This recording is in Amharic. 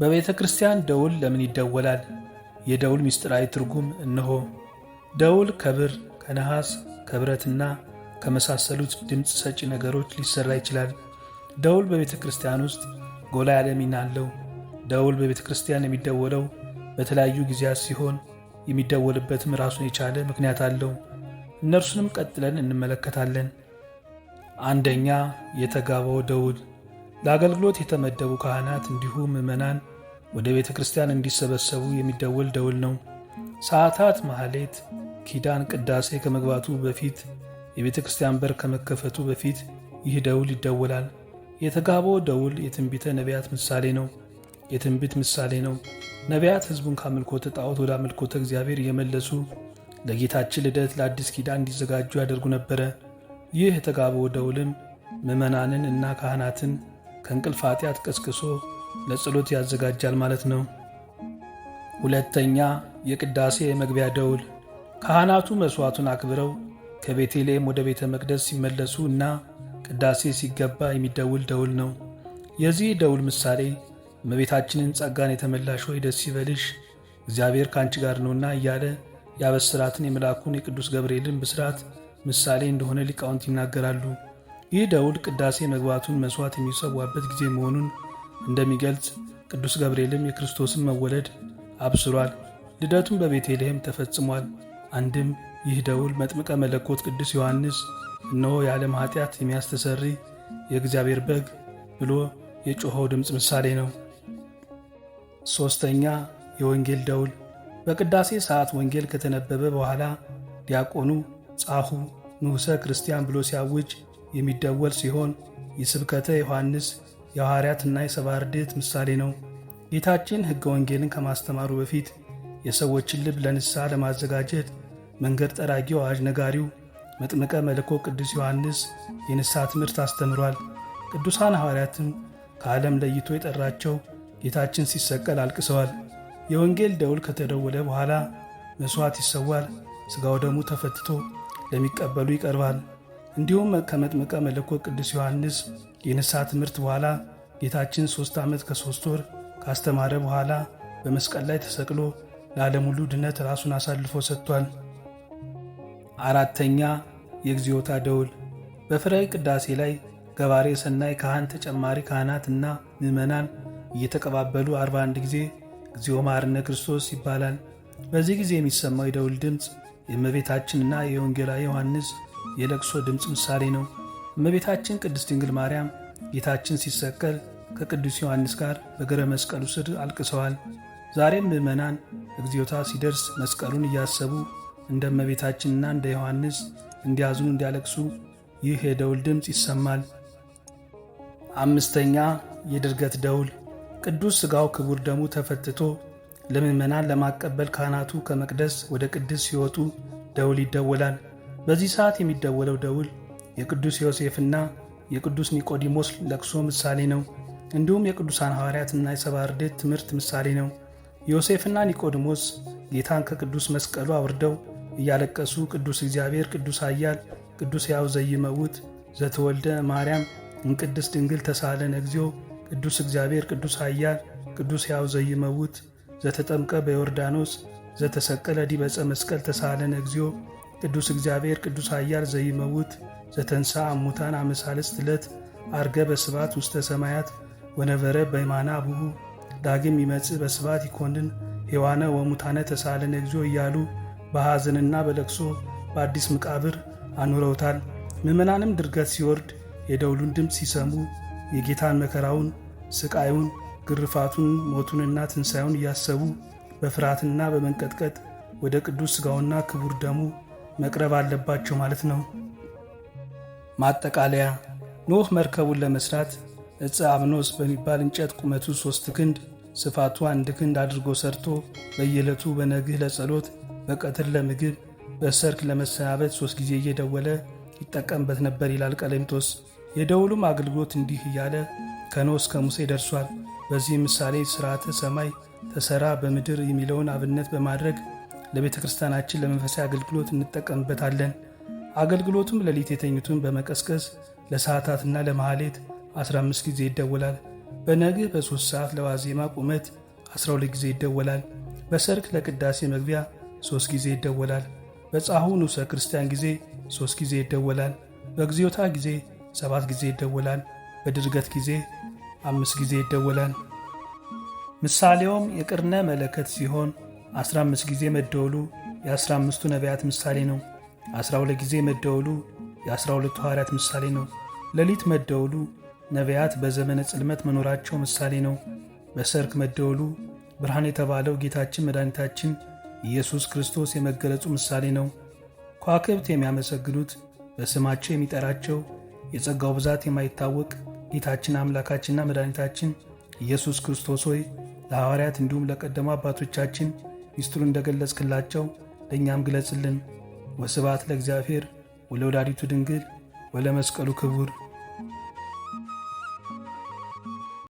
በቤተ ክርስቲያን ደውል ለምን ይደወላል? የደውል ምስጢራዊ ትርጉም እነሆ። ደውል ከብር ከነሐስ ከብረትና ከመሳሰሉት ድምፅ ሰጪ ነገሮች ሊሰራ ይችላል። ደውል በቤተ ክርስቲያን ውስጥ ጎላ ያለ ሚና አለው። ደውል በቤተ ክርስቲያን የሚደወለው በተለያዩ ጊዜያት ሲሆን የሚደወልበትም ራሱን የቻለ ምክንያት አለው። እነርሱንም ቀጥለን እንመለከታለን። አንደኛ የተጋባው ደውል ለአገልግሎት የተመደቡ ካህናት እንዲሁም ምዕመናን ወደ ቤተ ክርስቲያን እንዲሰበሰቡ የሚደወል ደውል ነው። ሰዓታት ማህሌት፣ ኪዳን፣ ቅዳሴ ከመግባቱ በፊት የቤተ ክርስቲያን በር ከመከፈቱ በፊት ይህ ደውል ይደወላል። የተጋቦ ደውል የትንቢተ ነቢያት ምሳሌ ነው። የትንቢት ምሳሌ ነው። ነቢያት ሕዝቡን ከአምልኮተ ጣዖት ወደ አምልኮተ እግዚአብሔር እየመለሱ ለጌታችን ልደት ለአዲስ ኪዳን እንዲዘጋጁ ያደርጉ ነበረ። ይህ የተጋቦ ደውልም ምዕመናንን እና ካህናትን ከእንቅልፍ ኃጢአት ቀስቅሶ ለጸሎት ያዘጋጃል ማለት ነው። ሁለተኛ የቅዳሴ መግቢያ ደውል። ካህናቱ መሥዋዕቱን አክብረው ከቤተልሔም ወደ ቤተ መቅደስ ሲመለሱ እና ቅዳሴ ሲገባ የሚደውል ደውል ነው። የዚህ ደውል ምሳሌ እመቤታችንን ጸጋን የተመላሽ ሆይ ደስ ይበልሽ እግዚአብሔር ከአንቺ ጋር ነውና እያለ ያበስራትን የመልአኩን የቅዱስ ገብርኤልን ብስራት ምሳሌ እንደሆነ ሊቃውንት ይናገራሉ። ይህ ደውል ቅዳሴ መግባቱን መስዋዕት የሚሰዋበት ጊዜ መሆኑን እንደሚገልጽ ቅዱስ ገብርኤልም የክርስቶስን መወለድ አብስሯል፣ ልደቱን በቤተልሔም ተፈጽሟል። አንድም ይህ ደውል መጥምቀ መለኮት ቅዱስ ዮሐንስ እነሆ የዓለም ኃጢአት የሚያስተሰሪ የእግዚአብሔር በግ ብሎ የጮኸው ድምፅ ምሳሌ ነው። ሦስተኛ የወንጌል ደውል በቅዳሴ ሰዓት ወንጌል ከተነበበ በኋላ ዲያቆኑ ጻሁ ንዑሰ ክርስቲያን ብሎ ሲያውጅ የሚደወል ሲሆን የስብከተ ዮሐንስ የሐዋርያትና የሰባ እርድእት ምሳሌ ነው። ጌታችን ሕገ ወንጌልን ከማስተማሩ በፊት የሰዎችን ልብ ለንስሐ ለማዘጋጀት መንገድ ጠራጊው አዋጅ ነጋሪው መጥምቀ መለኮ ቅዱስ ዮሐንስ የንስሐ ትምህርት አስተምሯል። ቅዱሳን ሐዋርያትም ከዓለም ለይቶ የጠራቸው ጌታችን ሲሰቀል አልቅሰዋል። የወንጌል ደውል ከተደወለ በኋላ መሥዋዕት ይሰዋል። ሥጋው ደሙ ተፈትቶ ለሚቀበሉ ይቀርባል። እንዲሁም ከመጥምቀ መለኮት ቅዱስ ዮሐንስ የንስሐ ትምህርት በኋላ ጌታችን ሦስት ዓመት ከሦስት ወር ካስተማረ በኋላ በመስቀል ላይ ተሰቅሎ ለዓለም ሁሉ ድነት ራሱን አሳልፎ ሰጥቷል። አራተኛ የእግዚኦታ ደውል በፍሬያዊ ቅዳሴ ላይ ገባሬ ሰናይ ካህን ተጨማሪ ካህናት እና ምዕመናን እየተቀባበሉ 41 ጊዜ እግዚኦ መሐረነ ክርስቶስ ይባላል። በዚህ ጊዜ የሚሰማው የደውል ድምፅ የእመቤታችንና የወንጌላዊ ዮሐንስ የለቅሶ ድምፅ ምሳሌ ነው። እመቤታችን ቅድስት ድንግል ማርያም ጌታችን ሲሰቀል ከቅዱስ ዮሐንስ ጋር በግረ መስቀሉ ስር አልቅሰዋል። ዛሬም ምዕመናን እግዚኦታ ሲደርስ መስቀሉን እያሰቡ እንደ እመቤታችንና እንደ ዮሐንስ እንዲያዝኑ እንዲያለቅሱ ይህ የደውል ድምፅ ይሰማል። አምስተኛ የድርገት ደውል። ቅዱስ ሥጋው ክቡር ደሙ ተፈትቶ ለምዕመናን ለማቀበል ካህናቱ ከመቅደስ ወደ ቅድስ ሲወጡ ደውል ይደወላል። በዚህ ሰዓት የሚደወለው ደውል የቅዱስ ዮሴፍና የቅዱስ ኒቆዲሞስ ለቅሶ ምሳሌ ነው። እንዲሁም የቅዱሳን ሐዋርያትና የሰባ ትምህርት ምሳሌ ነው። ዮሴፍና ኒቆዲሞስ ጌታን ከቅዱስ መስቀሉ አውርደው እያለቀሱ ቅዱስ እግዚአብሔር፣ ቅዱስ አያል ቅዱስ ሕያው ዘይመውት ዘተወልደ ማርያም እንቅድስ ድንግል ተሳለን እግዚኦ፣ ቅዱስ እግዚአብሔር፣ ቅዱስ አያል ቅዱስ ሕያው ዘይመውት ዘተጠምቀ በዮርዳኖስ ዘተሰቀለ ዲበፀ መስቀል ተሳለን እግዚኦ ቅዱስ እግዚአብሔር ቅዱስ አያር ዘይመውት ዘተንሳ አሙታን አመሳልስት ዕለት አርገ በስባት ውስተ ሰማያት ወነበረ በማና ብሁ ዳግም ይመጽእ በስባት ይኮንን ሔዋነ ወሙታነ ተሳለን እግዚኦ እያሉ በሐዘንና በለቅሶ በአዲስ መቃብር አኑረውታል። ምዕመናንም ድርገት ሲወርድ የደውሉን ድምፅ ሲሰሙ የጌታን መከራውን፣ ስቃዩን፣ ግርፋቱን፣ ሞቱንና ትንሣኤውን እያሰቡ በፍርሃትና በመንቀጥቀጥ ወደ ቅዱስ ሥጋውና ክቡር ደሙ መቅረብ አለባቸው ማለት ነው። ማጠቃለያ ኖህ መርከቡን ለመስራት እፀ አብኖስ በሚባል እንጨት ቁመቱ ሦስት ክንድ ስፋቱ አንድ ክንድ አድርጎ ሰርቶ በየዕለቱ በነግህ ለጸሎት በቀትር ለምግብ በሰርክ ለመሰናበት ሦስት ጊዜ እየደወለ ይጠቀምበት ነበር ይላል ቀለምጦስ። የደውሉም አገልግሎት እንዲህ እያለ ከኖህ እስከ ሙሴ ደርሷል። በዚህ ምሳሌ ሥርዓተ ሰማይ ተሠራ በምድር የሚለውን አብነት በማድረግ ለቤተ ክርስቲያናችን ለመንፈሳዊ አገልግሎት እንጠቀምበታለን። አገልግሎቱም ሌሊት የተኙትን በመቀስቀስ ለሰዓታትና ለመሐሌት 15 ጊዜ ይደወላል። በነግህ በሦስት ሰዓት ለዋዜማ ቁመት 12 ጊዜ ይደወላል። በሰርክ ለቅዳሴ መግቢያ ሦስት ጊዜ ይደወላል። በጻሁ ንዑሰ ክርስቲያን ጊዜ ሦስት ጊዜ ይደወላል። በግዚዮታ ጊዜ ሰባት ጊዜ ይደወላል። በድርገት ጊዜ አምስት ጊዜ ይደወላል። ምሳሌውም የቅርነ መለከት ሲሆን 15 ጊዜ መደወሉ የ15ቱ ነቢያት ምሳሌ ነው። 12 ጊዜ መደወሉ የ12ቱ ሐዋርያት ምሳሌ ነው። ሌሊት መደወሉ ነቢያት በዘመነ ጽልመት መኖራቸው ምሳሌ ነው። በሰርክ መደወሉ ብርሃን የተባለው ጌታችን መድኃኒታችን ኢየሱስ ክርስቶስ የመገለጹ ምሳሌ ነው። ከዋክብት የሚያመሰግኑት በስማቸው የሚጠራቸው የጸጋው ብዛት የማይታወቅ ጌታችን አምላካችንና መድኃኒታችን ኢየሱስ ክርስቶስ ሆይ ለሐዋርያት እንዲሁም ለቀደሙ አባቶቻችን ሚስቱን እንደገለጽክላቸው ለእኛም ግለጽልን። ወስባት ለእግዚአብሔር ወለወዳዲቱ ድንግል ወለመስቀሉ ክቡር